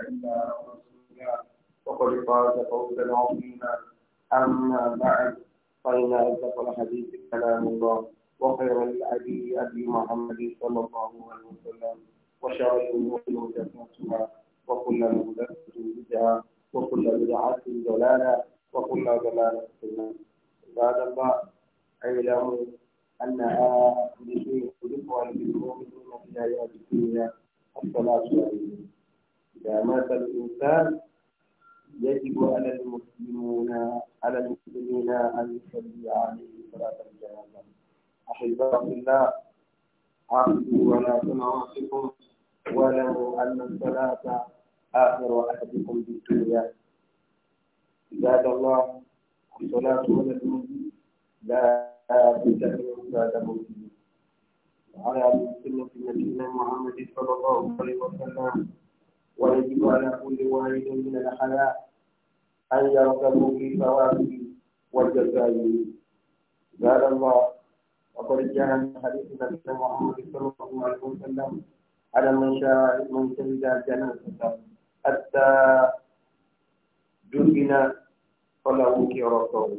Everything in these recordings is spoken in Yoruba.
إلا رسولنا وقد فاز فوزا عظيما أما بعد فإن أصدق الحديث كلام الله وخير الأبي أبي محمد صلى الله عليه وسلم وشر الأمور محدثاتها وكل محدثة بدعة وكل بدعة ضلالة وكل ضلالة في النار عباد الله اعلموا أن هذا بشيء يقال بالمؤمنين في حياة الدنيا الصلاة عليه إذا مات الإنسان يجب على المسلمون على المسلمين أن يصلي عليه صلاة الجنازة أحباء الله عقدوا ولا تنعقكم ولو أن الصلاة آخر أحدكم في الدنيا عباد الله الصلاة على المسلم لا تنتهي بعد موته وعلى السنة نبينا محمد صلى الله عليه وسلم ويجب على كل واحد من الحياة أن يركبوا في ثوابه والجزائر قال الله وقد جاء من حديث نبينا محمد صلى الله عليه وسلم على من شاء من شهد جنازته حتى دفن فله كرته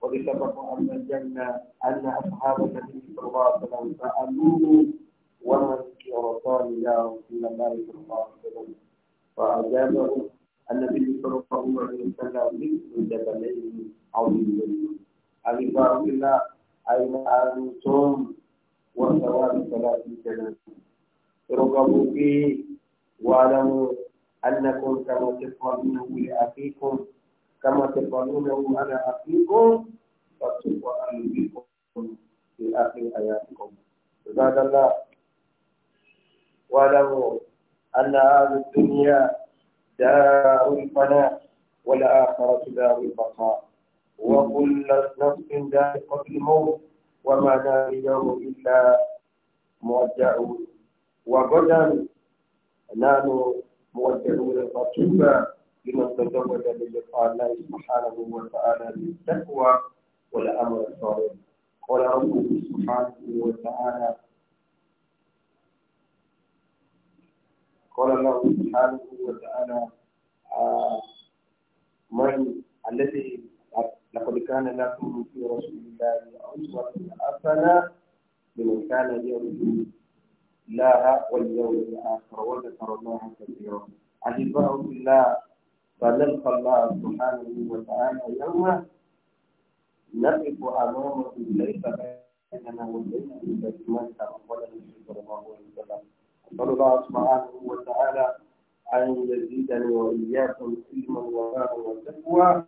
ولسبب أن الجنة أن أصحاب النبي صلى الله عليه وسلم سألوه ومن شرطاء الله إلى مالك الله فأجابه النبي صلى الله عليه وسلم مثل جبلين عظيمين أبي بارك الله أين أنتم وثواب صلاة الجنة ارغبوا فيه واعلموا أنكم كما تفعلونه لأخيكم كما تفعلونه على أخيكم فاتقوا أن بكم في آخر حياتكم عباد الله واعلموا أن هذه الدنيا دار الفناء والآخرة دار البقاء وكل نفس ذائقة الموت وما دار اليوم إلا مودعون وغدا نحن مودعون الخطيبة لمن تزوج بلقاء الله سبحانه وتعالى بالتقوى والأمر الصالح قال ربه سبحانه وتعالى قال الله سبحانه وتعالى آه، من الذي لقد كان لكم في رسول الله أسوة حسنة لمن كان يرجو الله واليوم الآخر وذكر الله كثيرا أحباء الله فنلقى الله سبحانه وتعالى يوما نقف أمامه ليس بيننا وبينه إلا بما تقبله صلى الله عليه وسلم نسأل الله سبحانه وتعالى أن يزيدني وإياكم علما وفاء وتقوى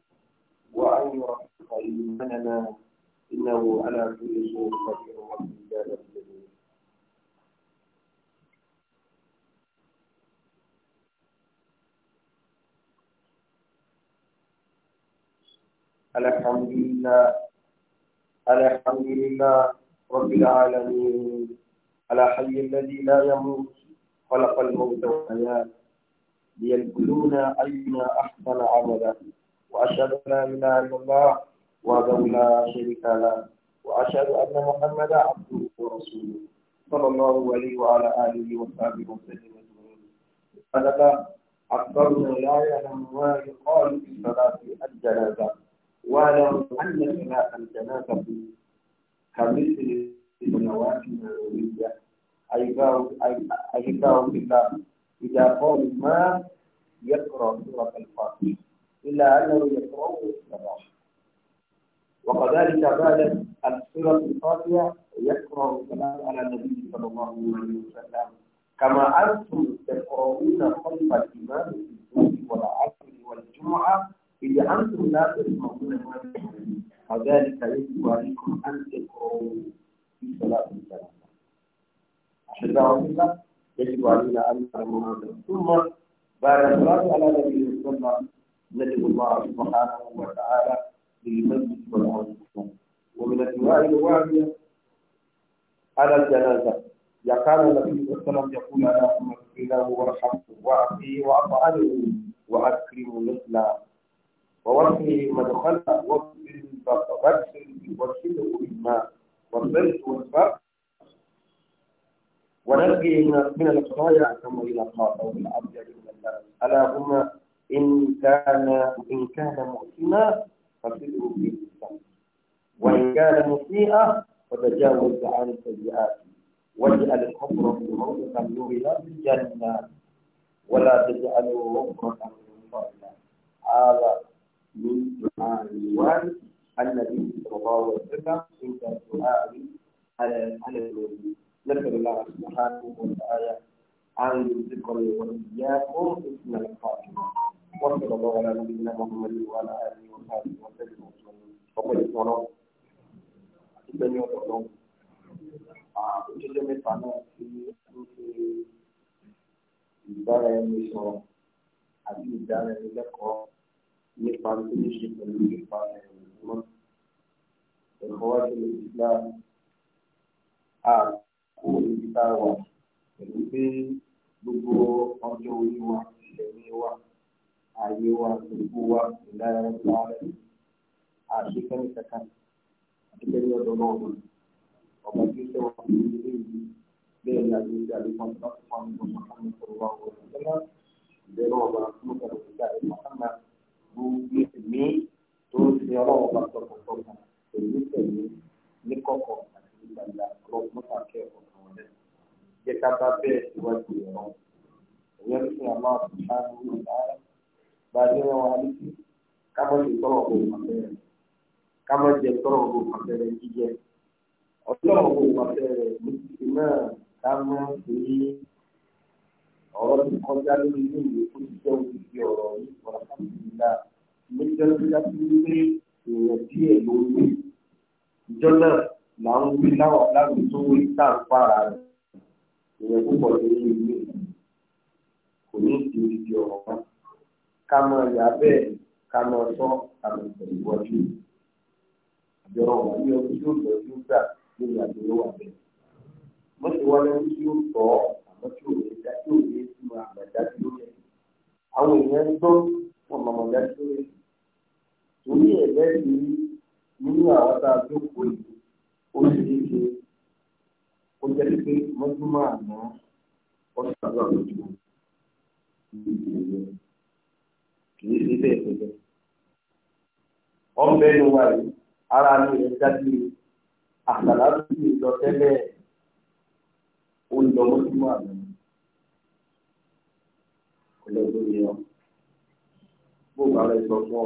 وأن يرفق إيماننا إنه على كل شيء قدير وإيانا الجميع الحمد لله الحمد لله رب العالمين على حي الذي لا يموت خلق الموت والحياة ليبلونا أينا أحسن عملا وأشهد أن لا إله إلا الله وحده لا شريك له وأشهد أن محمدا عبده ورسوله صلى الله عليه وعلى آله وصحبه وسلم أجمعين هذا أكبرنا لا يعلم ما يقال في صلاة الجنازة ولو أن صلاة الجنازة كمثل أي النووية أي بالله إذا قام ما يقرأ سورة الفاتحة إلا أنه يقرأه الصباح وكذلك بعد سورة الفاتحة يقرأ السلام على النبي صلى الله عليه وسلم كما أنتم تقرؤون خلف الإمام في الظهر والعصر والجمعة إذا أنتم لا تسمعون ما كذلك يجب عليكم أن تقرؤوا في صلاة الجنازة عشان دعوة يجب علينا أن نعمل ثم بعد الصلاة على النبي صلى الله عليه وسلم ندعو الله سبحانه وتعالى بالمسجد والأنفس ومن الدعاء الوافية على الجنازة يقال النبي صلى الله عليه وسلم يقول اللهم اغفر له وارحمه واعطيه واطعمه واكرمه نزلا ووفه مدخلا واغفر وابشر وابشره بالماء والبرد والبرد ونقي من الخطايا كما الى ثوب الابيض من الناس الا هما ان كان ان كان مؤتنا فصله بالاحسان وان كان مسيئا فتجاوز عن السيئات واجعل في روضة من في الجنة ولا تجعلوا حفرة من رياض هذا من دعاء الوالد الذي صلى الله عليه وسلم عند على على الولي نسأل الله سبحانه وتعالى عن يرزقني وإياكم اسم الفاطمة وصلى الله على نبينا محمد وعلى آله وصحبه وسلم وقل الصلاة ìgbẹ́ni ọ̀dọ̀dọ̀ ojúṣe mẹ́ta náà ti ń ṣe المسلمين إخوات الإسلام أقول بتاوى pẹ̀lú gbogbo ọjọ́ orí wa ìṣẹ̀mí wa ààyè wa gbogbo wa ìlànà ìlànà àṣekẹ́ni kankan àṣekẹ́ni ọ̀dọ́ náà wọ̀ ọba tí ó tẹ̀ wọ́n fún mi léyìí bẹ́ẹ̀ ni àti ìdí tó ti ọlọ́wọ́ bá tọkàn tọkàn èyí tẹ̀lé ní kọ̀kọ̀ àti ìgbàgbà ọlọ́wọ́ mọ́tà kẹ́ẹ̀kọ́ kan rẹ̀ jẹ́ ká bá bẹ́ẹ̀ síwájú ẹ̀rọ ìyẹn ní fún àmọ́ àtúnṣáájú ìdára bá a jẹ́ wọn alẹ́sí ká mọ̀ sí tọ́rọ̀ ọ̀gbọ̀n pàtẹ́rẹ̀ ká mọ̀ jẹ tọ́rọ̀ ọ̀gbọ̀n pàtẹ́rẹ̀ jíjẹ ọ̀tọ́rọ̀ ọ̀gbọ̀n pàtẹ́rẹ̀ ní ti náà ká mọ̀ sí ọ̀rọ̀ tó nítorí pé dájú wípé èèyàn díẹ̀ ló ń wí ìjọ náà là ń wí láwọn láti tó wí tá à ń fara rẹ̀ èèyàn púpọ̀ ní ilé kò ní ti odidi ọ̀rọ̀ kan ká máa yà bẹ́ẹ̀ ká máa sọ ká máa tẹ̀síwájú àjọrọ̀ wà ní ọdún àwọn èèyàn ń gbọ́ wọn mọ̀mọ́ dá tí torí ẹ̀ lẹ́yìn nínú àwọn tá a jókòó yìí ó sì ní ṣe ó jẹ́ pé mọ́júmọ́ àná ọ̀sán àdúrà lójúmọ́ kì í ṣe bẹ́ẹ̀ wà yìí ara mi rẹ̀ dájú àgbàlá tó ti lọ tẹ́lẹ̀ ó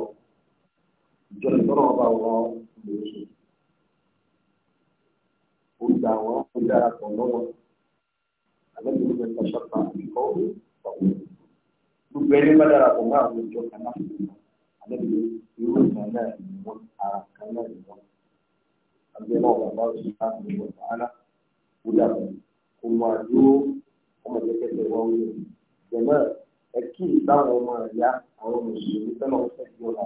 ìjọba ìtọ́nà ọba wọn lè ṣe. ó gbà wọn ó dára pọ̀ lọ́wọ́ àlejò ló fẹ́ sọ́kà ìkọ́ ọ̀hún. gbogbo ẹni bá dára pọ̀ mọ́ àwọn ìjọ kan náà àlejò irú ìtàn náà ni wọ́n ara kan náà ni wọ́n. àgbẹ̀ náà bàbá òṣìṣẹ́ àti ìwọ̀n sàánà ó dàbí kó máa dúró ọmọ ìjẹ́kẹ̀tẹ̀ wọn wí. jẹ̀mọ́ ẹ kí ìgbà wọn àwọn mùsùlùmí tẹ́lọ̀ fẹ́ di ọ̀là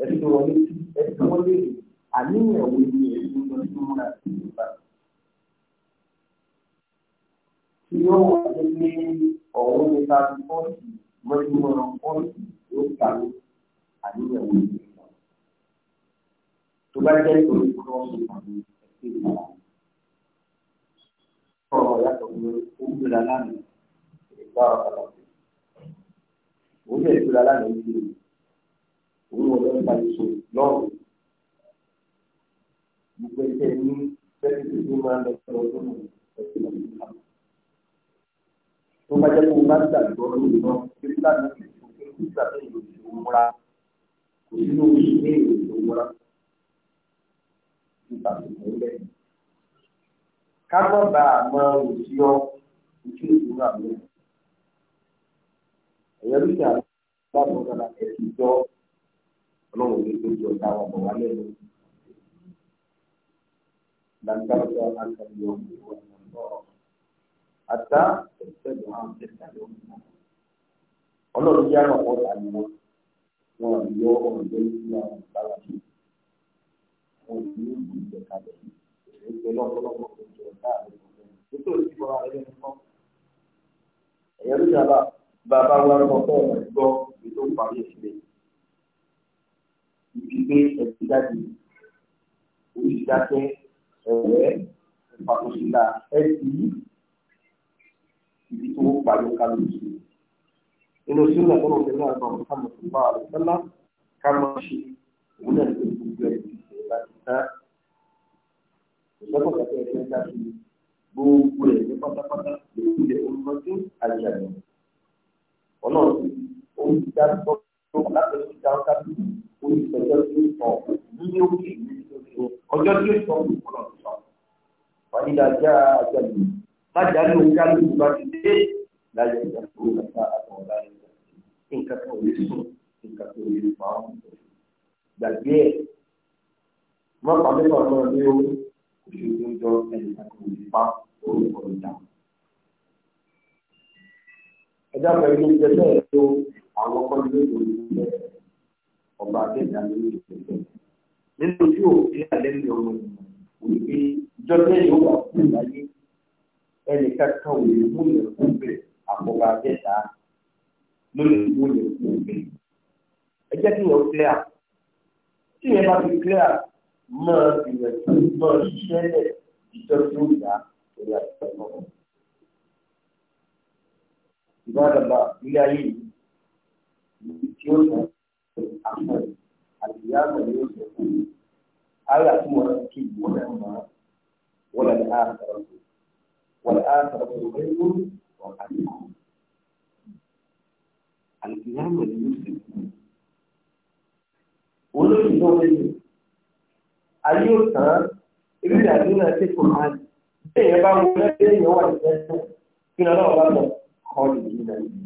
ẹ̀sìn tó wọlé sí ẹ̀sìn tó wọlé rè àníyàn wo ni ẹ̀sìn tó ti múra sí ìgbà. tí yóò wà ní pé ọ̀hún ní ká fi pọ́ọ̀sì mọ́júmọ́ pọ́ọ̀sì ló kà ní àníyàn wo ni ẹ̀sìn tó bá jẹ́ ìtòlú kúrọ́ọ̀sì pàdé ẹ̀sìn ìgbà. ọ̀rọ̀ yàtọ̀ ní oúnjẹ lánàá ìgbà ọ̀kadà òun yẹ ìgbà lánàá ìgbà olúwo ló ń ta èso lọ́rùn gbogbo ẹgbẹ́ ní sẹ́kítì tó máa ń lọ sí ọdún ẹ̀sìn ìlànà. tó bá jẹ́ kó bá gbàgbọ́ lórí náà kí fúlàní kì í fún kí kúta tó yẹ oṣù múra kò sínú oṣù ní oṣù múra nípa tuntun lẹ́yìn. ká má ba àmọ́ òsì ọ ojú ìṣúná àmì ẹ̀yẹ́ ló ṣe àgbàdo ọ̀gá ẹ̀sìn jọ ọlọ́run ní kó jọ ta ọmọ wa lẹ́nu. Dàgbàsọ àkàlẹ̀ ọmọ ìwà ìwà àtà ìṣẹ̀dùn àwọn ìṣẹ̀dùn ọmọ ìwà. Ọlọ́run yára ọ̀pọ̀ ta ni wọn. Wọn ò yọ ọ̀rọ̀ lórí sí àwọn ìbára sí. Wọn ò ní ìlú ìjẹ̀kalẹ̀. Èyí ló lọ́pọ̀lọpọ̀ kò jọ ta àwọn Ètò ìdíbọn ara ẹni kọ́ ìdílé ẹ̀dùnjáde oríṣiríṣi ẹ̀wẹ́ ìpàkóṣìlá ẹ̀sì ibi tó parí kálukú. Inú sínú ọ̀pọ̀lọpọ̀ tẹ̀lé àgbà ọ̀pọ̀ sáàmù tó bá àlọ́ sẹ́lá ká máa ṣe òun náà ló ń gbé ẹ̀sìn láti ká. Ìjọba kẹ̀kẹ́ ẹ̀sìn ká gbogbo ẹ̀ ní pátápátá lórí ilẹ̀ olùmọ̀tí àjàdùn. Ọlọ́run ó ń dá tọ́ tó láti ṣe ìjà ọ̀tá bí orí ìgbẹ́jọ́ tí ó sọ ní òkè ọjọ́ tí ó sọ ní ìkọlọ̀ tó sọ. wọ́n ní dájá àjálù májà ní òun kálù tó bá ti dé láyé ìjà tó ń bá àtọ̀ láyé ìjà nǹkan tó lè sùn nǹkan tó lè fà á gbàgbé ẹ̀. wọ́n pàdé pàdé ọ̀rọ̀ ní o kò ṣe tó ń jọ ẹnì kan kò lè fà orúkọ ìjà. ẹ̀dá pẹ̀lú ìjẹ́ bẹ́ẹ̀ tó àwọn kọ́lé lórí ilẹ̀ ọba àtẹ̀dá lórí ìpínlẹ̀. nínú tí òfin alẹ́ ní ọmọ òní pé ìjọba yóò wà fún ìláyé ẹnì kankan ò lè mú ilẹ̀ fún bẹ̀ àkọ́bà àtẹ̀dá ló lè mú ilẹ̀ fún bẹ̀. ẹ jẹ́ kí wọ́n clear tí ìyẹn bá fi clear máa gbìyànjú máa ṣiṣẹ́ lẹ̀ ìjọba yóò ìyá ìjọba náà. ilé ayé yìí tí ó sọ àpò àti ìyá àgbà yóò sọ fún mi. Ayé àti wọn kì í wọlé ọmọ wọlé á sọ̀rọ̀ tó wọlé á sọ̀rọ̀ tó wọlé tó wọ́n á ti kú. Àti ìyá àgbà yóò sọ fún mi. Olórí náà lè Ayé ò tán, ebi ìdájọ́ náà ṣe kò máa bẹ́ẹ̀ yẹn bá wọlé bẹ́ẹ̀ yẹn wà ní ẹ̀sẹ̀ kí ni ọlọ́run bá lọ kọ́ ìdí náà yìí.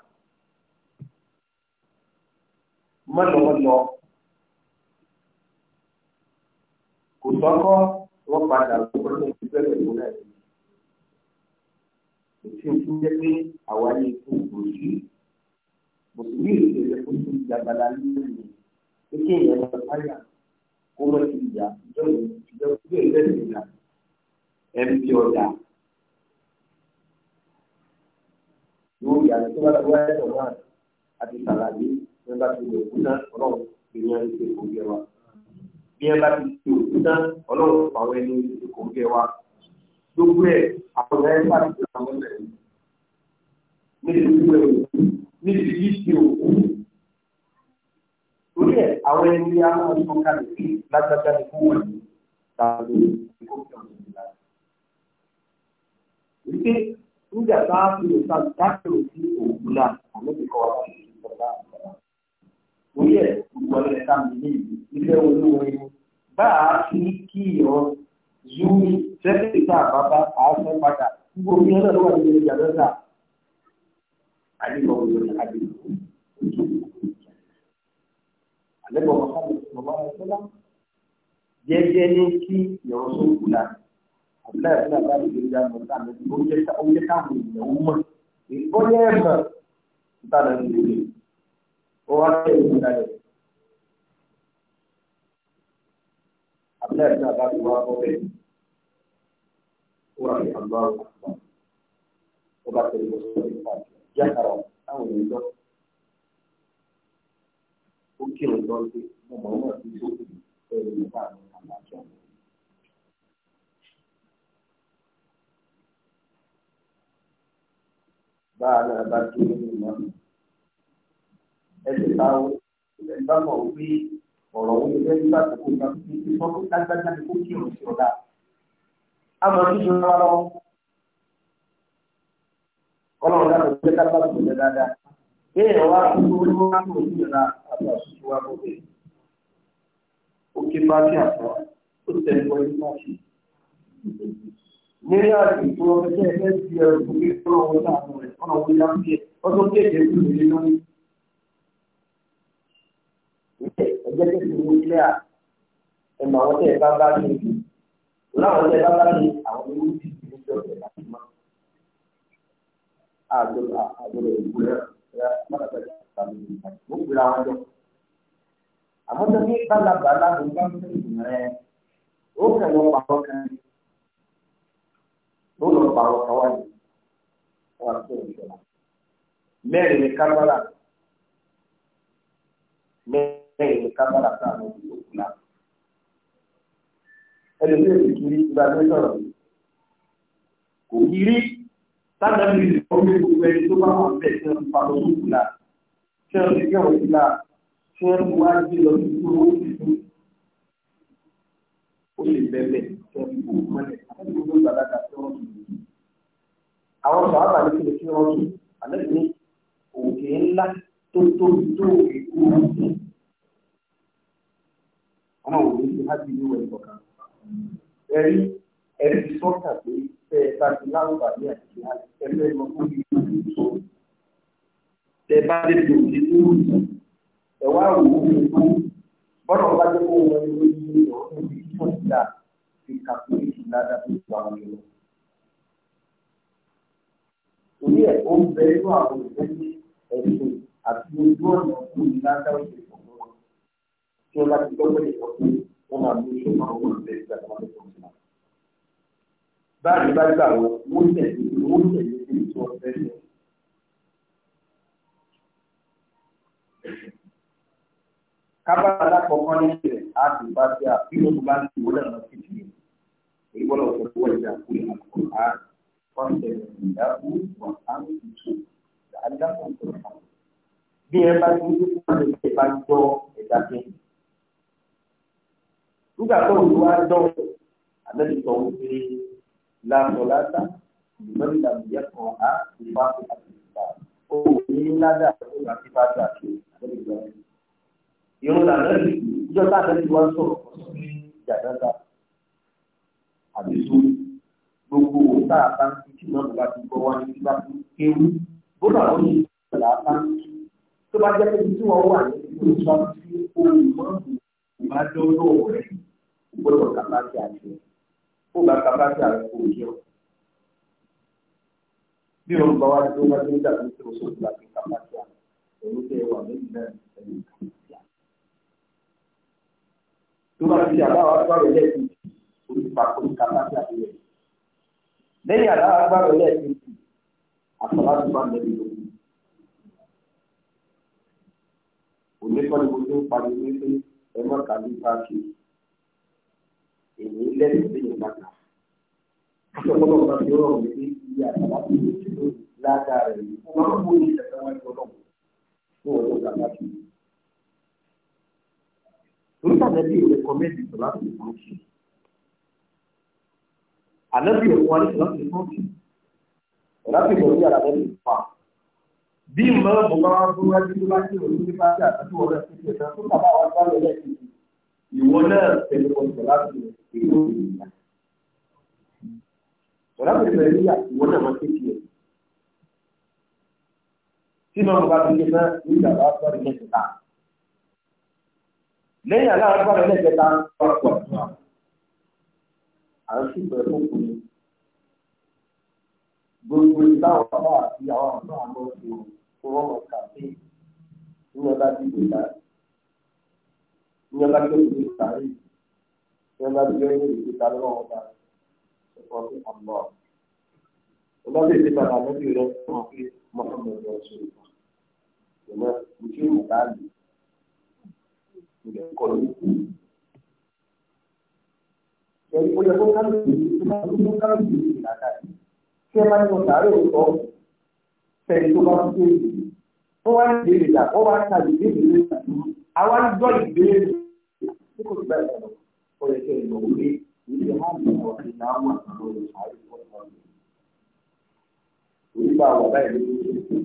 mọ́lọ́mọ́lọ́ kò sọ́kọ́ wọ́n padà lọ́wọ́ ní ìbẹ̀rẹ̀ ìwé náà yìí. Èsì òfin jẹ́ pé àwa ní ikú òsì mùsùlùmí ìṣẹ̀lẹ̀ fún ìṣẹ̀lẹ̀ ìjàgbára lónìí kékeré ìyẹn lọ sáyà kó wọ́n ti yà ìjọba ìjọba ìjọba ìbẹ̀rẹ̀ ìyà ẹ̀mí ọ̀dà. Yóò yà ní tó bá lọ wáyé ọ̀gá àti sàlàyé bí wọn bá ti lè kú náà ọlọ́run fi wọn ṣe kò gẹ wa bí wọn bá ti ti òkú náà ọlọ́run fà wọn ẹni ṣe kò gẹ wa gbogbo ẹ àwọn ẹ bá ti ṣe àwọn ẹ níbi ìlú ẹ níbi yìí ti òkú torí ẹ àwọn ẹni a máa sọ kalẹ̀ sí lágbájá ní fún wọn tàbí kó fi ọ̀sẹ̀ nílá. wípé nígbà tá a fi lè sa dákìlì sí òkú náà àmọ́ ti kọ́ wa láti orí ẹ̀ wọlé sáàmì ní ìlú ilé olówó ewu bá a fi kí ọ zúmi sẹ́kítà bàbá àáfẹ́ padà gbogbo orí ẹ̀rọ ló wà nínú ìjà lọ́sà àdìgbò òjò àdìgbò òjò àlẹ́gbọ̀n mọ́sálẹ̀ bàbá rẹ̀ sọ́lá jẹ́jẹ́ ní kí ìyọ̀rọ̀ sókù la àbúlá ìfúnná bá lè lè dáná sáàmì oúnjẹ táwọn ènìyàn mọ̀ mọ̀ nípa lọ́sẹ̀ ó wá sí ìlú kalẹ̀. Abdullahi náà bá ti wá bọ́ bẹ́ẹ̀. Ó wà ní àgbáwò àgbà. Ó bá tẹ̀lé lọ sí ìlú kalẹ̀. Ìyá kàrà táwọn èèyàn lọ. Ó kírun lọ sí mo mọ̀ ọ́n àti tó kù pẹ̀lú nípa àwọn àgbàjọ. Báà náà bá kí nínú ìmọ̀ ẹsẹ̀ ta o ẹgbẹ́ mọ̀ wí ọ̀rọ̀ wo ẹgbẹ́ nígbà tó kó ìgbà tó ti sọ fún dájúdájú àti kó kí òun sí ọ̀dà. a mọ̀ ní ìṣòro wa lọ́wọ́ ọlọ́run náà ló jẹ́ ká bá tó lẹ́ dáadáa kéèyàn wá kó orí wá kó òun yàrá àti àṣìṣe wa kó kéè ó ké bá sí àṣà ó tẹ̀lé wọlé náà sí. Nílé àti ìtura ọmọdé ẹgbẹ́ ti ẹrù kò kí ọlọ́run náà ọ̀nà wọlé á ń kí ọdún kéèké kúrò nílé lórí ẹjẹ́ tó fi wọ́n sílẹ̀ à ẹ̀ mọ àwọn tẹ́ ẹ bá bá ní ojú láwọn tẹ́ ẹ bá bá ní àwọn ewu ti fi ní ìjọ ẹ̀ láti mọ́. àgbẹ̀rẹ̀ àgbẹ̀rẹ̀ ìlú rẹ̀ rẹ̀ mọ́tàkàtà tàbí ìgbà tó ń gbéra wọn jọ. àmọ́ tó ní bálabà láti bá ń fún ìgbìmọ̀ rẹ̀ ó kẹ̀ lọ pàrọ̀ kan ó lọ pàrọ̀ kọ́wá yìí wọ́n á tó ìṣọ̀lá mẹ́rin ní kábàlà mẹ́rin lẹ́yìn kámẹ́rà sáànù òkú náà. ẹlòmíràn ti kiri ìgbà tó sọ̀rọ̀ kò kiri sáàdàbí ìfọwọ́sí gbogbo ẹni tó bá wà bẹ́ẹ̀ tí wọ́n ti pàtó òkú náà tí wọ́n ti kẹ́wọ̀n sí náà tí wọ́n ti wá gbé lọ sí ìlú owó tuntun ó lè bẹ̀rẹ̀ tí wọ́n ti kú mọ́lẹ̀ àti gbogbo ìgbàlagbà tí wọ́n ti kú. àwọn sọ̀rọ̀ àbàlẹ̀ kí lè kí wọ́n tún àlẹ́ mi òkè ńlá tó tóbi tó òkè kúrú ọmọ wò ló ṣe hábì ní ìwẹ̀ ìkọ̀kan. ẹ̀rí ẹ̀rí ti sọ́kà pé tẹ́ ẹ bá ti láwùbá ní àti ẹgbẹ́ ọmọ tó ní ìlú ìṣó. tẹ́ ẹ bá lè fi òkè tó wù sí ẹ wá wò ó fi kú bọ́dọ̀ bá jẹ́ kó wọn ló ní ìlú ọ̀hún ní ìṣọ̀tìlá fi kàkúrẹ́tì ládàá tó gba wọn lọ. torí ẹ̀ ó ń bẹ inú àwọn ìfẹ́ ní ẹ̀sìn àti ojú ọ̀nà kù ládàá òṣèlú tí ó láti gbọ́ pẹ̀lú ìfọ̀sí wọn máa mú iṣẹ́ máa wọ́n lè gbà tó wọ́n lè fọ́n sílá. báyìí bá gbà wọ wọ́n tẹ̀lé wọ́n tẹ̀lé sí ìtọ́ fẹ́lẹ̀. kábàlá kọ̀ọ̀kan ní ìrẹ̀ á ti bá sí à bí wọ́n bá ń ti wọlé àwọn sí ti èyí bọ́lá ọ̀sẹ̀ tó wọlé àkúrè àkúrè á kọ́ńtẹ̀ ìdáhù wọn á ń tutù àdáhùn tó kàn. bí ẹ bá ti ń gbé kúrò ní ìbá gbọ́ ẹ̀dá kẹ́yìn nígbà tó ń wá dán àlejò sọ wípé lásán lásán ìgbìmọ̀lì làbìyẹ kan á ti bá fi àtìgbà ó ní ládà ó yà sí bá gbà ṣe àlejò sọ wípé. ìrún làbẹ́rì ìjọ tá àlejò wá sọ̀rọ̀ sí ìjàdáta àbí sórí gbogbo òǹtà àtàǹtì tí náà bá ti gbọ́ wá ní bá ti kéwú bóná ó ní ìjọba àtàǹtì tó bá jẹ́ pé tí wọ́n wà ní ìjọba tí ó ń mọ́ ìbádọ́rọ̀ rẹ̀ gbọ́dọ̀ kàbáṣe àti kó bá kàbáṣe àti kò jẹ́ o. bí òun bá wá tó wá tó dàbí tó o sọ̀rọ̀ láti kàbáṣe àti òun tẹ wà méjì náà ẹ̀yìn kàbáṣe àti. tó bá ti àbáwá gbàgbọ́ lẹ́ẹ̀kejì orí pàkó kàbáṣe àti rẹ̀. lẹ́yìn àbáwá gbàgbọ́ lẹ́ẹ̀kejì àfọlá tó bá lẹ́bi lókun. òní kọ́ni mo ti ń pariwo wípé ẹ mọ̀ kàbí bá a kiri èyí lẹ́yìn tí yóò bàtà. Akẹ́kọ̀ọ́ bá fi rọrùn ní pé iye àgbàlá tó lè ti ló ládàá rẹ̀ yìí. Wọ́n máa ń mú ìṣẹ̀ kan wáyé ọlọ́run fún ọjọ́ ìgbàlá tó yẹ. Nígbà tẹ́lẹ̀ yóò rẹ̀kọ́mẹ́ndì sọ̀rọ̀ láti lè fún ọ̀sùn. Ànábì òun wa ní sọ̀rọ̀ láti lè fún ọ̀sùn. Ọ̀làbì òun yàrá lẹ́nu ìfà. Bí ìmọ̀ ọ̀gbọ̀n bá wá fún wájú tó bá kí òun ìwọ náà tẹ̀lé wọn sọ̀rọ̀ láti ìlú ìlú sọ̀rọ̀ láti ìlú ìlú ìwọ náà máa tẹ̀lé ẹ̀. tí màmú bá ti ṣe náà ní ìjàmbá bá ti ṣe ta lẹ́yìn aláwọ̀ bá ti ṣe ta ọ̀pọ̀ à ń sùn pẹ̀lú òkùnrin gbogbo ìdáhùn bàbá àti àwọn àbúrò àbọ̀ òkú wọn mọ̀ kàfé ní ọba ti gbèdá ní ọba tó ti sàárè ní ọba tó yẹ ní ìdíta lọ́wọ́ ọba ẹ̀kọ́ sí àmọ́ ọba tó ti padà lẹ́bí rẹ fún ọ pé mọ́tòmọ́ ẹ̀rọ ṣe ìfọ̀ ìwé ìṣe ìmọ̀tàlì ilẹ̀ kọ́ ní. ẹ̀rí ó yẹ kó kálùkù tó bá tó tó kálùkù ní yìí tí ẹ bá ní wọn sàárè òótọ́ fẹ̀rí tó bá tó tó yìí wọ́n wá ń béèrè dà wọ́n wá ń tàbí béèrè lẹ́yìn àwọn àgbọ̀ ìbéèrè bí kò gbà lọ ó yẹ kí ẹ̀yìn òwe ilé hàmì ọ̀kìn náà wà lórí ààrẹ ìfọ̀tọ̀ rẹ̀. orí bá wà báyìí ló ń ṣe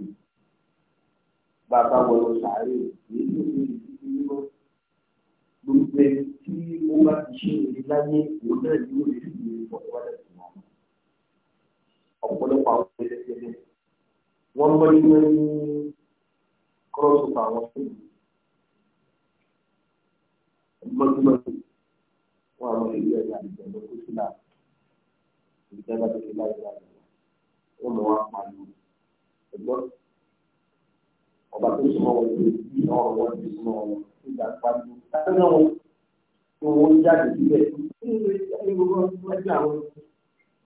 bàbá wọlé sàárè èyí tó fi ìdíje mímọ́ gbogbo ẹni tí ó bá ti ṣe èyí láyé wọ́n mọ́ ní wọ́n ní kọ́lọ́sọ̀tà àwọn fún mi mọ́júmọ́jú wọn àwọn èyí ẹ̀yà àdìgbẹ̀lẹ̀ kó sí náà ìjọba tó ti láyé láyé wọn mọ̀ wọn pàlú ẹ̀gbọ́n ọba tó sọ wọn pé bí ọ̀rọ̀ wọn ti sọ wọn nígbà pàlú lásán wọn tó wọn jáde síbẹ̀ nínú ìlú ẹgbẹ́ àwọn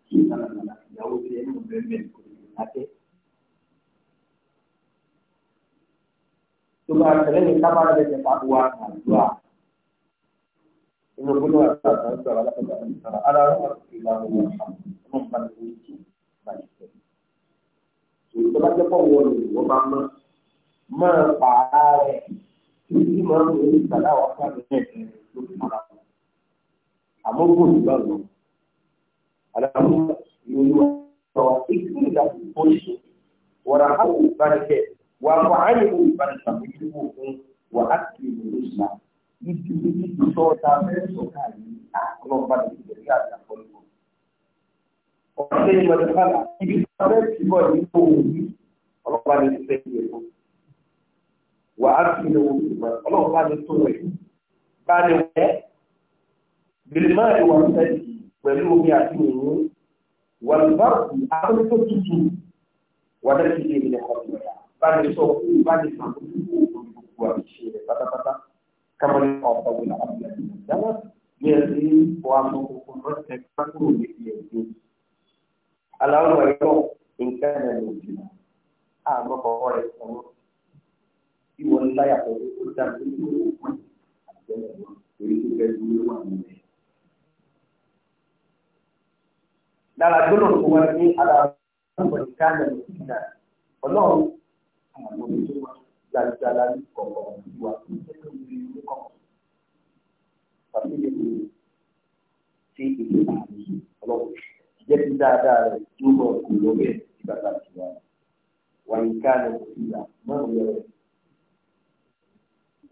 kí ìlànà ìyàwó ti ẹni mọ̀ bẹ́ẹ̀ bẹ́ẹ̀ ní lákẹ́. tó bá tẹ̀lé ní kábàárẹ̀ tẹ̀ pàtó wa àdúrà inú gbọ́dọ̀ àtàkà ń sọ̀rọ̀ alákọ̀ọ́bà ń sọ̀rọ̀ ara rẹ̀ ìlànà ìwọ̀n ọ̀hún ọ̀hún bá ti ń tì báyìí tẹ̀. èyí tó bá jẹ́ pọ̀ wọ́n ni wọ́n máa mọ́ máa pa ara rẹ̀ kí ní máa ń lò ní ìsàlá wa fún àmì náà ló fi mọ́ra wọn. àmọ́ gbò ní bá lọ níbi níbi tó ta mẹ́sàn-án káàkiri àkọlọ́gbà nàìjíríà àjàkọ́lùkọ́. ọ̀sẹ̀ ìmọ̀lẹ́fàlà ibi tó fẹ́ ti bọ̀ nínú òní ọlọ́gbà ní ti fẹ́ẹ́ yẹ̀ fún. wà á fi ní òní mọ̀ ọlọ́gbà ní tó rẹ̀ bá ní wẹ́ bìrìmọ́ ìwà sẹ́yìn pẹ̀lú omi àti òun wà lùbáàkù akọ́lùkọ́ tuntun wà lẹ́sìn ìdílé ọ̀gbìn bá ní sọ fún bá ní sàmójúkú òkú gbogbo àbíṣe rẹ̀ pátápátá. Company of the United States. Yearly form of convert expansion with yearly. Allow my talk in Canada. I'm not for it. You will lie up with something. We need to get you one day. Lára gbọ́dọ̀ tó wá ní aláàbò ìkànnì ìdílé ọlọ́run àwọn ọmọ ìjọba jalajala ní kọ̀ọ̀kan ìwà tó ń tẹ́lẹ̀ ní ìlú kọ̀ọ̀kan. Tàbí ilé ìwé tí ìlú àmì ọlọ́run jẹ́ ti dáadáa rẹ̀ tí ó bọ̀ kò lọ bẹ́ẹ̀ tí bàtà ti wà. Wàyínká ni kò sí à máa ń yọrọ.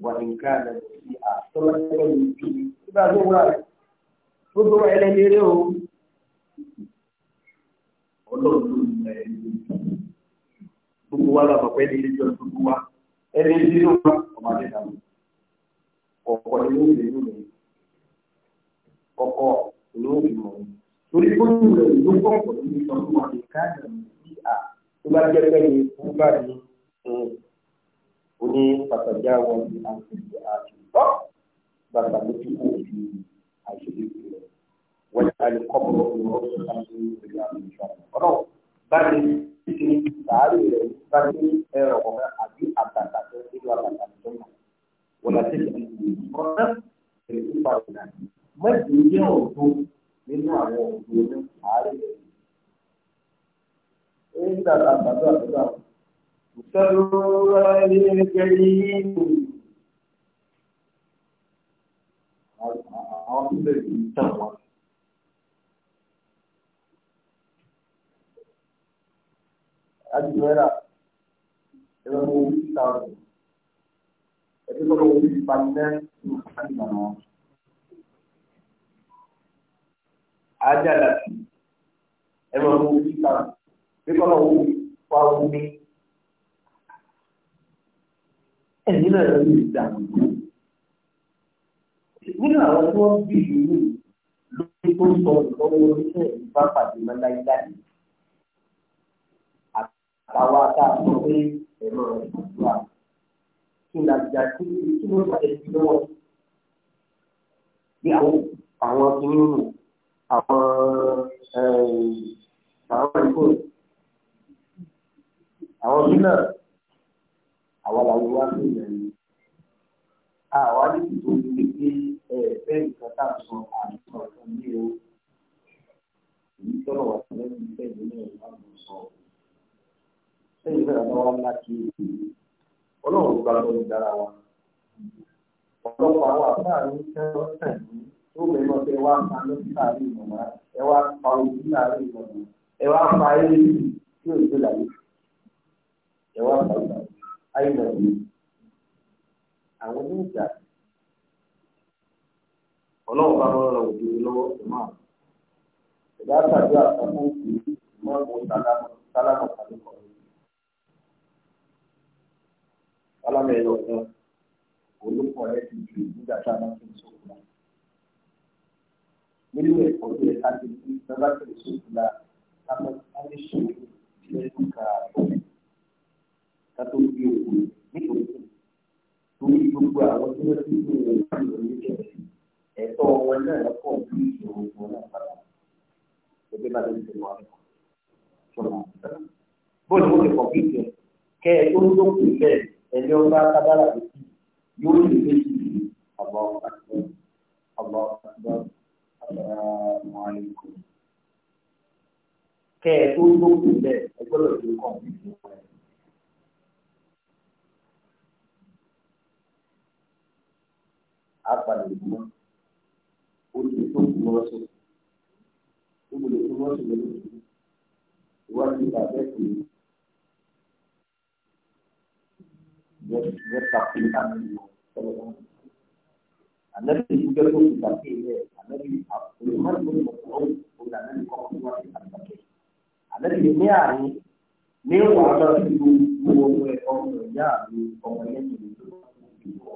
Wàyínká ni kò sí à tọ́lá tẹ́lẹ̀ ní ìlú. tó wúra rẹ̀, gbogbo ẹlẹ́ni eré o. Ọlọ́run ló ń gbogbo wa lọ́mọ pé ní ilé ìjọ gbogbo wa ẹni tí ó bá ọmọdé dànù ọkọ ni ó lè lù mí ọkọ ni ó lè mọ torí kó lù rẹ ló gbọ́ ọ̀pọ̀ ní ìtọ́jú wọn ní káàdì sí à tó bá jẹ́ pé ní fún bá ní oní pàtàkì àwọn ní àti àtúntọ́ bàtà ló ti kú òfin àṣírí rẹ wọ́n ti àlè kọ́pọ̀ lọ́wọ́ ní ọ̀sán àti ìrìn àjò ìṣàkóso ọ̀rọ̀ bá sàárè rẹ bá zuwa ga aljanna wala hmm. taj'al qur'an fil kufar mẹ́tì jẹ́ òdo nínú àwọn òdo ní àárẹ̀ èyí ń dàgbà àgbàdo àgbàdo àwọn ìṣẹ́lúwà ilé gẹ̀ẹ́lì yìí àwọn ẹbí kọ́ lọ́wọ́ bí ìpanilẹ́ ní ìpanilẹ́ wọn. ajá làtì ẹ máa mú orí ká bí kọ́ lọ́wọ́ wá omi. ẹ̀yin náà ló ń dà nínú àwọn tí wọ́n bí ìlú lórí tó sọ ìlọ́wọ́ oníṣẹ́ ìbá pàdé máa láyé àtàwọn àtàwọn pé ẹ̀rọ ìgbàlódé àwọn kí n àjà kí kí ló bàjẹ́ sí lọ́wọ́ bí àwọn àwọn kìíní nù àwọn àwọn ìkó àwọn bí náà àwọn làwọn wá sí ìyẹn àwọn àdìsí tó ń gbé pé ẹ bẹ́ẹ̀ nǹkan tá a sọ àìsàn kan ní o èyí tọ́lọ̀ wà sí lẹ́yìn bẹ́ẹ̀ nínú ìwádìí sọ lẹ́yìn bẹ́ẹ̀ lọ́wọ́ ńlá kí èyí. ọlọ́run ló bá lọ́dún dára wa ọ̀pọ̀lọpọ̀ àwọn àfáàní tẹ́ ní tó bẹ̀rẹ̀ náà tẹ ẹwà pa lọ́sí láàrin ìmọ̀mọ́ ẹ pa ojú láàrin pa tí pa ìgbà ayé lọ sí àwọn ní ìjà ọlọ́run bá alámì ẹ̀yọ ọ̀gá olùkọ́ ẹ̀ ti ju nígbà tá a máa fi sókun náà. nínú ẹ̀kọ́ yẹ ká ti fi bàbá fi sókun náà ká mọ̀ ká ní sòwò lẹ́nu ká omi ká tó gbé òkú nítorí torí gbogbo àwọn tí wọ́n ti gbé òkú lórí kẹ̀kẹ́ ẹ̀tọ́ wọn náà pọ̀ ju ìṣòro wọn náà padà gẹ́gẹ́ bá lóyún tẹ̀lé wọn sọ̀rọ̀ bóyá wọ́n ti kọ̀ kí kẹ́ kẹ́ ẹ ẹni ó bá kábàlà lókè yóò lè méjì ní ọmọ àgbọ ọmọ àgbọ ọmọ àlejò. kẹ ẹ tó lókun bẹ́ẹ̀ ẹ gbọ́dọ̀ tó kàn ní ìlú rẹ. apàdé mọ oṣù tó kù lọ sí gbogbo lè tó lọ sí lórí ìwádìí ìgbà bẹ́ẹ̀ kù. bersaksi Anabi juga pun bersaksi ini. Anabi Abdulman pun bersaksi bukan Anabi Kokumwa bersaksi. Anabi ini hari ni wala bukan orang yang orang yang itu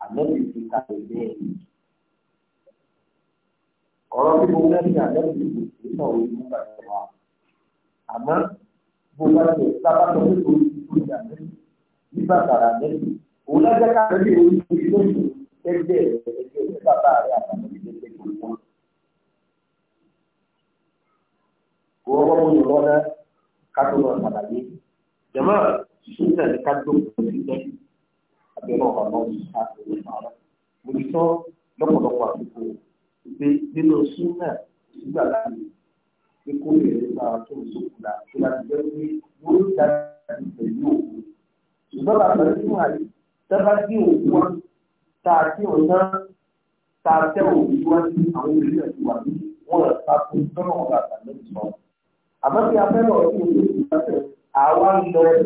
Anabi kita ini orang yang bukan ni Anabi kita orang yang bukan Amal bukan ni. Siapa ìgbà mẹ́rin nígbà tààrà mẹ́rin òun lọ́jọ́ káàkiri orí orí lóṣù ẹgbẹ́ ẹgbẹ́ ẹgbẹ́ bàbá rẹ̀ àtàwọn ìgbésẹ̀ kò wọ́n. kò wọ́n mú yòrò náà kátó lọ sàlàyé jẹ̀mọ́ ṣíṣe náà ní kátó lórí jẹ́ abẹ́rẹ́ ọ̀hún náà ní kátó lórí sàlàyé mo ti tọ́ lọ́pọ̀lọpọ̀ àsìkò pé nínú súnà ìgbà láàyè pé kó lè rí máa tó ìsókùnà tó láti jẹ́ pé yóò dáná pẹ̀lú òkú ṣùgbọ́n bàbá rẹ̀ fún àyè tẹ́bá sí òkú wọn tá a sí ọ̀nà tá a tẹ́ òkú wọn sí àwọn orílẹ̀ èdè wà ní wọn rẹ̀ ta kó tọ́nà wọn bàtà lẹ́yìn sọ. àmọ́ bí a fẹ́ràn ọ̀sìn òkú ti bá tẹ̀ àwa ń lọ ẹ̀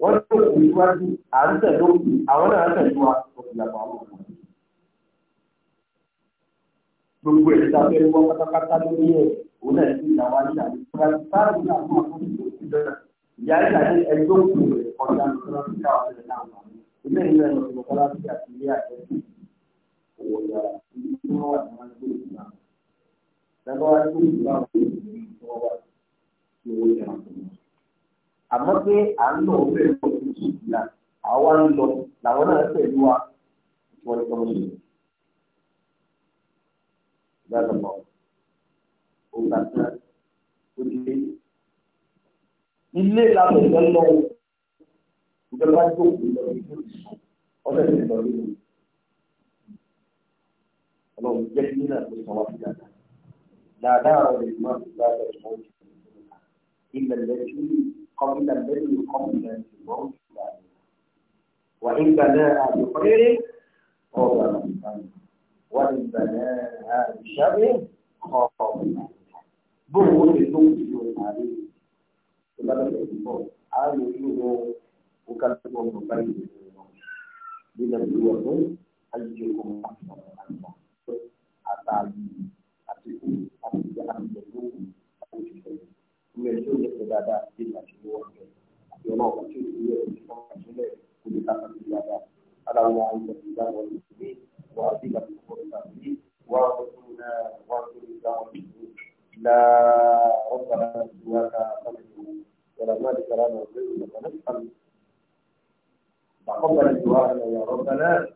wọ́n ní òkú iwájú à ń tẹ̀lé òkú àwọn náà ń tẹ̀lé wa ọ̀gbìyàgbọ̀ àwọn ọ̀gbìn gbogbo ìta fẹ́ wọ́n pátápátá lórí ẹ̀ òun náà ti ìyá ìdájọ́ ẹgbẹ́ òkú rẹ̀ kọjá mọ́sálásíkà ọ̀sẹ̀ náà wà ilé ìlú ẹ̀rọ ti mọ́sálásí àti ilé àjẹ́ owó yàrá tí wọ́n wà ní wọn gbé ìgbà lẹ́gbọ́n wá sí ìgbà òkú ìgbà wà sí owó yàrá tó wà. àmọ́ pé à ń lọ òwe lọ sí ìgbà àwa ń lọ làwọn náà pẹ̀lú wa wọ́n tọ́ sí i. ìgbà tó mọ̀ ó gbà tán ó di ilé ìlànà ìfẹ́ lọ ìjọba tó kù lọ nínú ìsùn ọ̀sẹ̀ tó lọ nínú ọlọ́run jẹ́ kí nínú àti sọ wá sí dáadáa dáadáa rẹ̀ lè má ti dáadáa tó mọ́ jù ilẹ̀ lẹ́tí kọ́mílà lẹ́tí kọ́mílà tó mọ́ jù láàrin wà nígbà náà àti pẹ́ẹ́rẹ́ ọ̀rọ̀ àwọn ìbámu wà nígbà náà àti sábẹ́ ọ̀rọ̀ bóun ó lè lókùn sí òun àárín. lọ́dọ̀ ìbọ̀ á lè fi wọ òkàtúbọ̀ bàbá ìlú wọn nílẹ̀ ìlú ọ̀dọ́ ayé ọmọ àgbà àtàlù àti kú àti ìjà àgbẹ̀ lókun àti ìfẹ́ ìlú ẹjọ́ ìjẹ́pẹ̀ dáadáa bí ìlàjì ló wà bẹ́ẹ̀ àti ọ̀nà ọ̀pá tí ó yẹ ربنا ونسأل تقبل دعاءنا يا ربنا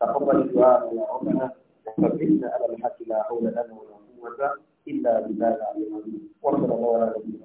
تقبل دعاءنا يا ربنا وفقنا على الحق لا حول لنا ولا قوة إلا بالله العلي العظيم وصلى الله على نبينا